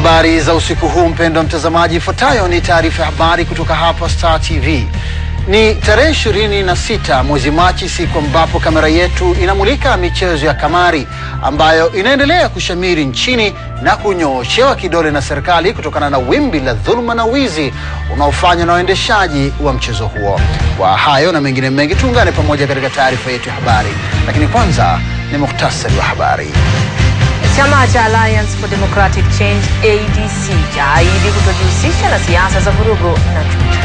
Habari za usiku huu, mpendwa mtazamaji, ifuatayo ni taarifa ya habari kutoka hapa Star TV. Ni tarehe 26 mwezi Machi, siku ambapo kamera yetu inamulika michezo ya kamari ambayo inaendelea kushamiri nchini na kunyooshewa kidole na serikali kutokana na wimbi la dhuluma na wizi unaofanywa na waendeshaji wa mchezo huo. Kwa hayo na mengine mengi, tuungane pamoja katika taarifa yetu ya habari, lakini kwanza ni muhtasari wa habari. Chama cha Alliance for Democratic Change ADC chaahidi kutojihusisha na siasa za vurugu na chuki.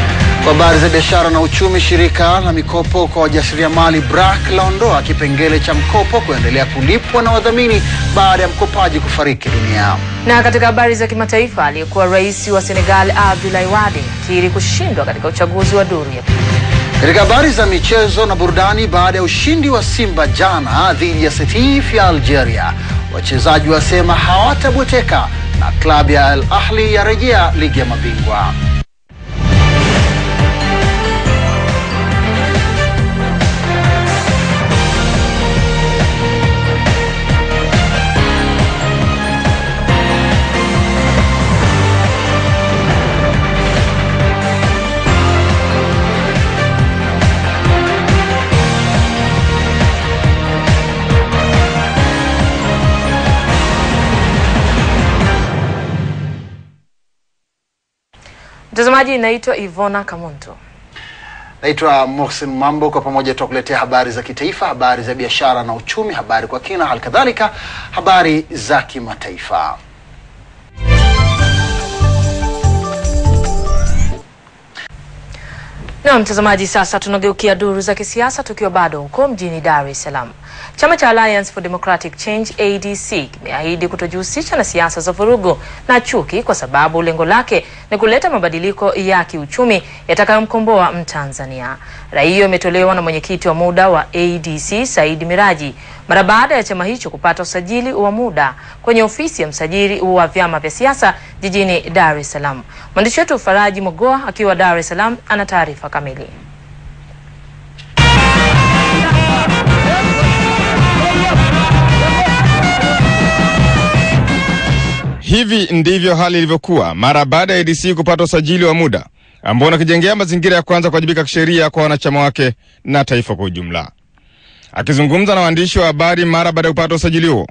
Kwa habari za biashara na uchumi, shirika la mikopo kwa wajasiriamali BRAC laondoa kipengele cha mkopo kuendelea kulipwa na wadhamini baada ya mkopaji kufariki dunia. Na katika habari za kimataifa, aliyekuwa rais wa Senegal Abdoulaye Wade kiri kushindwa katika uchaguzi wa duru ya pili. Katika habari za michezo na burudani, baada ya ushindi wa Simba jana dhidi ya Setif ya Algeria, wachezaji wasema hawatabweteka na klabu ya Al Ahli yarejea ligi ya mabingwa. Mtazamaji, naitwa Ivona Kamonto. Naitwa Mohsin Mambo. Kwa pamoja tutakuletea habari za kitaifa, habari za biashara na uchumi, habari kwa kina, kadhalika habari za kimataifa. Na mtazamaji, sasa tunageukia duru za kisiasa tukiwa bado huko mjini Dar es Salaam. Chama cha Alliance for Democratic Change ADC kimeahidi kutojihusisha na siasa za vurugu na chuki kwa sababu lengo lake ni kuleta mabadiliko ya kiuchumi yatakayomkomboa Mtanzania. Rai hiyo imetolewa na mwenyekiti wa muda wa ADC Saidi Miraji mara baada ya chama hicho kupata usajili wa muda kwenye ofisi ya msajili wa vyama vya siasa jijini Dar es Salaam. Mwandishi wetu Faraji Mogoa akiwa Dar es Salaam ana taarifa kamili. Hivi ndivyo hali ilivyokuwa mara baada ya ADC kupata usajili wa muda ambao unakijengea mazingira ya kwanza kuwajibika kisheria kwa wanachama wake na taifa kwa ujumla. Akizungumza na waandishi wa habari mara baada ya kupata usajili huo,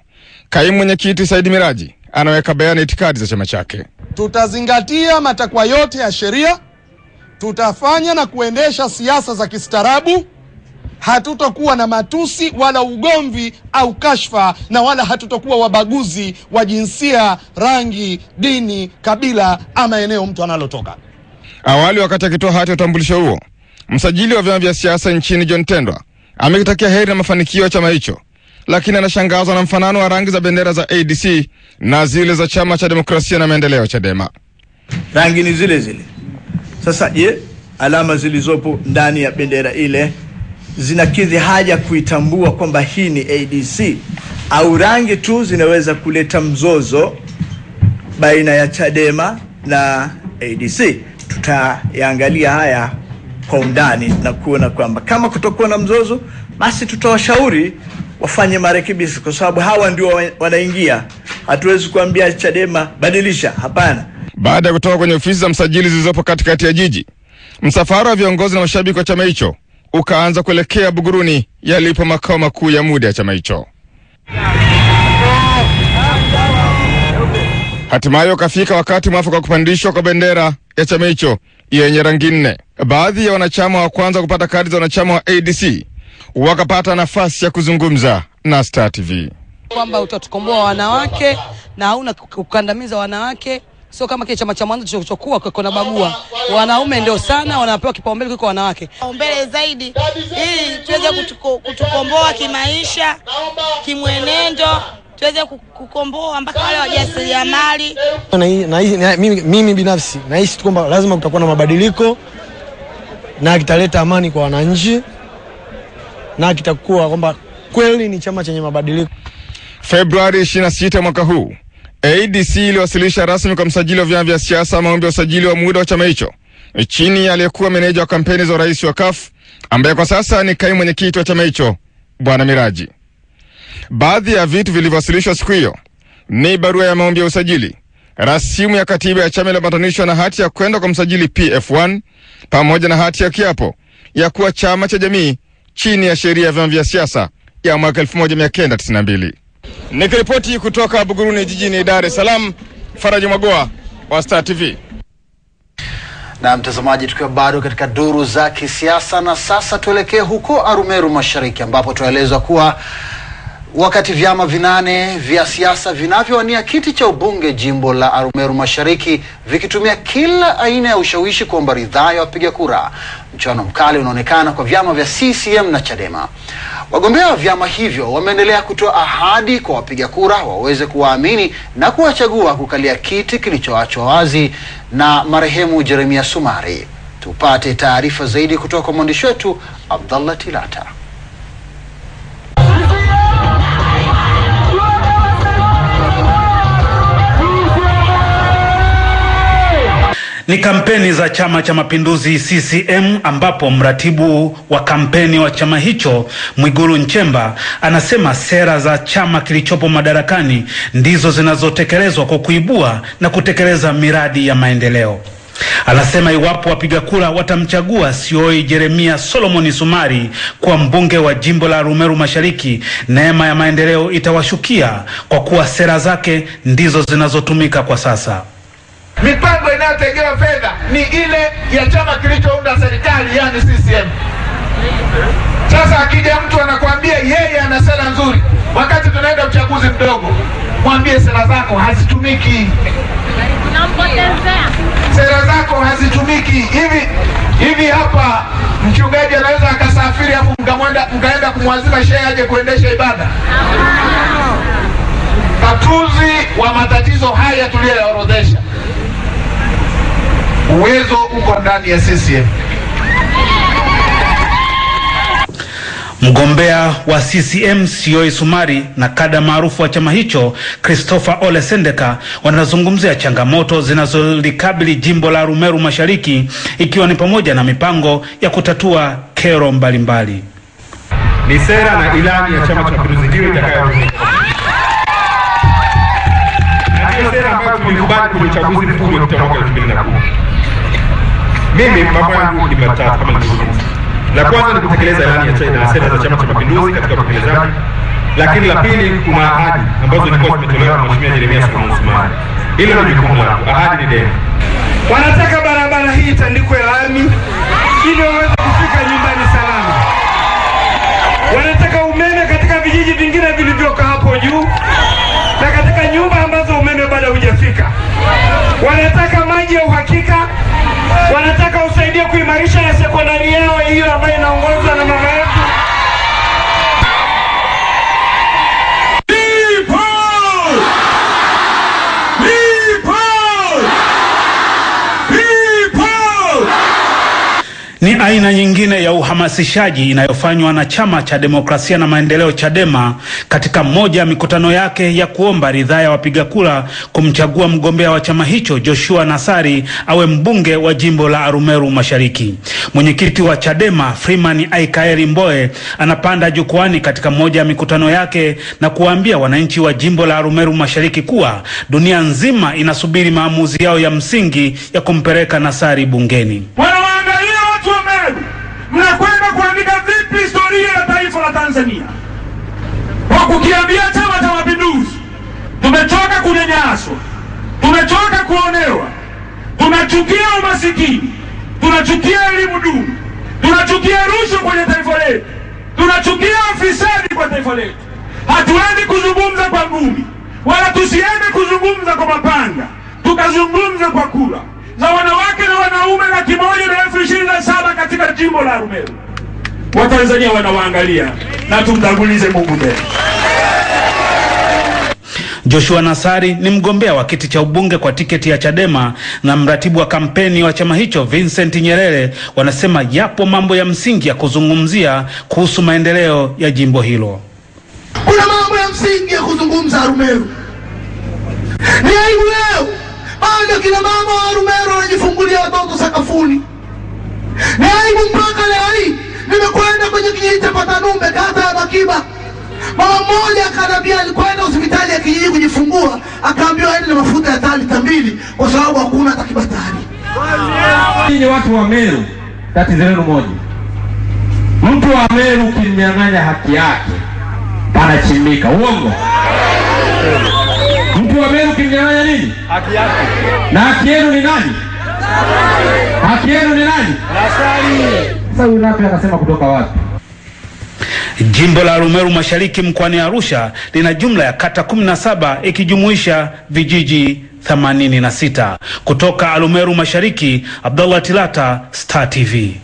kaimu mwenyekiti Saidi Miraji anaweka bayana itikadi za chama chake. Tutazingatia matakwa yote ya sheria, tutafanya na kuendesha siasa za kistaarabu hatutakuwa na matusi wala ugomvi au kashfa, na wala hatutakuwa wabaguzi wa jinsia, rangi, dini, kabila ama eneo mtu analotoka. Awali wakati akitoa hati ya utambulisho huo, msajili wa vyama vya siasa nchini John Tendwa amekitakia heri na mafanikio ya chama hicho, lakini anashangazwa na mfanano wa rangi za bendera za ADC na zile za chama cha demokrasia na maendeleo CHADEMA. Rangi ni zile zile. Sasa je, alama zilizopo ndani ya bendera ile zinakidhi haja kuitambua kwamba hii ni ADC au rangi tu zinaweza kuleta mzozo baina ya Chadema na ADC. Tutayaangalia haya kwa undani na kuona kwamba kama kutokuwa na mzozo, basi tutawashauri wafanye marekebisho, kwa sababu hawa ndio wanaingia. Hatuwezi kuambia Chadema badilisha, hapana. Baada ya kutoka kwenye ofisi za msajili zilizopo katikati ya jiji, msafara wa viongozi na mashabiki wa chama hicho ukaanza kuelekea Buguruni yalipo makao makuu ya muda ya chama hicho. Hatimaye ukafika wakati mwafaka wa kupandishwa kwa bendera ya chama hicho yenye rangi nne. Baadhi ya wanachama wa kwanza kupata kadi za wanachama wa ADC wakapata nafasi ya kuzungumza na Star TV kwamba utatukomboa wanawake na hauna kukandamiza wanawake sio kama kile chama cha mwanzo kwa kuna bagua. Wanaume ndio sana wanapewa kipaumbele kuliko wanawake, mbele zaidi, ili tuweze kutukomboa kimaisha, kimwenendo tuweze kukomboa mpaka wale wajasiriamali. Mimi binafsi nahisi kwamba lazima kutakuwa na mabadiliko na kitaleta amani kwa wananchi na kitakuwa kwamba kweli ni chama chenye mabadiliko. Februari 26 mwaka huu ADC iliwasilisha rasmi kwa msajili wa vyama vya siasa maombi ya usajili wa muda wa chama hicho chini ya aliyekuwa meneja wa kampeni za rais wa CUF ambaye kwa sasa ni kaimu mwenyekiti wa chama hicho Bwana Miraji. Baadhi ya vitu vilivyowasilishwa siku hiyo ni barua ya maombi ya usajili, rasimu ya katiba ya chama iliyoambatanishwa na hati ya kwenda kwa msajili PF1 pamoja na hati ya kiapo ya kuwa chama cha jamii chini ya sheria ya vyama vya siasa ya mwaka 1992. Nikiripoti kutoka Buguruni jijini Dar es Salaam, Faraji Mwagoa wa Star TV. Na mtazamaji, tukiwa bado katika duru za kisiasa, na sasa tuelekee huko Arumeru Mashariki ambapo tunaelezwa kuwa wakati vyama vinane vya siasa vinavyowania kiti cha ubunge jimbo la Arumeru Mashariki vikitumia kila aina ya ushawishi kuomba ridhaa ya wapiga kura, mchano mkali unaonekana kwa vyama vya CCM na Chadema. Wagombea wa vyama hivyo wameendelea kutoa ahadi kwa wapiga kura waweze kuwaamini na kuwachagua kukalia kiti kilichoachwa wazi na marehemu Jeremia Sumari. Tupate taarifa zaidi kutoka kwa mwandishi wetu Abdallah Tilata. Ni kampeni za Chama cha Mapinduzi CCM ambapo mratibu wa kampeni wa chama hicho Mwigulu Nchemba anasema sera za chama kilichopo madarakani ndizo zinazotekelezwa kwa kuibua na kutekeleza miradi ya maendeleo. Anasema iwapo wapiga kura watamchagua Sioi e Jeremia Solomoni Sumari kwa mbunge wa jimbo la Arumeru Mashariki, neema ya maendeleo itawashukia kwa kuwa sera zake ndizo zinazotumika kwa sasa Mipango inayotengewa fedha ni ile ya chama kilichounda serikali, yani CCM. Sasa akija mtu anakuambia yeye ana sera nzuri, wakati tunaenda uchaguzi mdogo, mwambie sera zako hazitumiki, sera zako hazitumiki. Hivi hivi hapa mchungaji anaweza akasafiri afu mkaenda kumwazima shehe aje kuendesha ibada? Tatuzi wa matatizo haya tuliyo uwezo uko ndani ya CCM. Mgombea wa CCM Sioi Sumari na kada maarufu wa chama hicho Christopher Ole Sendeka wanazungumzia changamoto zinazolikabili jimbo la Arumeru Mashariki ikiwa ni pamoja na mipango ya kutatua kero mbalimbali. Ni sera na ilani ya Chama cha Mapinduzi ndiyo itakayoongoza. Na hiyo sera ambayo tumekubali kwenye uchaguzi mkuu wa mwaka 2010. Mimi mambo yangu ni matatu kama nilivyokuwa. La kwanza ni kutekeleza ilani ya China na sera za Chama cha Mapinduzi katika utekelezaji, lakini la pili kuna ahadi ambazo zilikuwa zimetolewa na Mheshimiwa Jeremia Samuel Sumaye. Hilo ni jukumu langu, ahadi ni deni. Wanataka barabara hii itandikwe lami ili waweze kufika nyumbani salama. Wanataka umeme katika vijiji vingine vilivyoko hapo juu na katika nyumba ambazo umeme bado hujafika. Wanataka wanataka usaidie kuimarisha ya sekondari yao hiyo ambayo inaongozwa na Ni aina nyingine ya uhamasishaji inayofanywa na chama cha demokrasia na maendeleo Chadema katika moja ya mikutano yake ya kuomba ridhaa ya wapiga kura kumchagua mgombea wa chama hicho Joshua Nassari awe mbunge wa jimbo la Arumeru Mashariki. Mwenyekiti wa Chadema Freeman Aikaeli mboe anapanda jukwani katika moja ya mikutano yake na kuwaambia wananchi wa jimbo la Arumeru Mashariki kuwa dunia nzima inasubiri maamuzi yao ya msingi ya kumpeleka Nassari bungeni mnakwenda kuandika vipi historia ya taifa la Tanzania? Kwa kukiambia Chama cha Mapinduzi, tumechoka kunyanyaswa, tumechoka kuonewa, tunachukia umasikini, tunachukia elimu duni, tunachukia rushwa kwenye taifa letu, tunachukia ufisadi kwa taifa letu. Hatuendi kuzungumza kwa ngumi, wala tusiende kuzungumza kwa mapanga, tukazungumza kwa kula za wanawake na wanaume laki moja na elfu ishirini na saba katika jimbo la Arumeru. Watanzania wanawaangalia na tumtangulize Mungu mbele. Joshua Nassari ni mgombea wa kiti cha ubunge kwa tiketi ya Chadema na mratibu wa kampeni wa chama hicho Vincent Nyerere wanasema yapo mambo ya msingi ya kuzungumzia kuhusu maendeleo ya jimbo hilo. Kuna mambo ya msingi ya kuzungumza Arumeru. Ni aibu leo hao kina mama wa Rumero wanajifungulia watoto sakafuni. Ni aibu mpaka leo hii, nimekwenda kwenye kijiji cha Patanumbe, kata ya Makiba. Mama mmoja akaniambia alikwenda hospitali ya kijiji kujifungua, akaambiwa aende na mafuta ya tani tambili kwa sababu hakuna hata kibatari. ni watu wa Meru, tatizo lenu moja. Mtu wa Meru ukimnyang'anya haki yake panachimika, uongo vyombo vyenu kimnyang'anya nini? Haki yake. Na haki yenu ni nani? Haki yenu ni nani? Nasali. Sasa huyu napi anasema kutoka wapi? Jimbo la Arumeru Mashariki mkoani Arusha lina jumla ya kata 17 ikijumuisha vijiji 86. Kutoka Arumeru Mashariki, Abdallah Tilata, Star TV.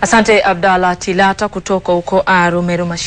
Asante Abdallah Tilata kutoka huko Arumeru Mashariki.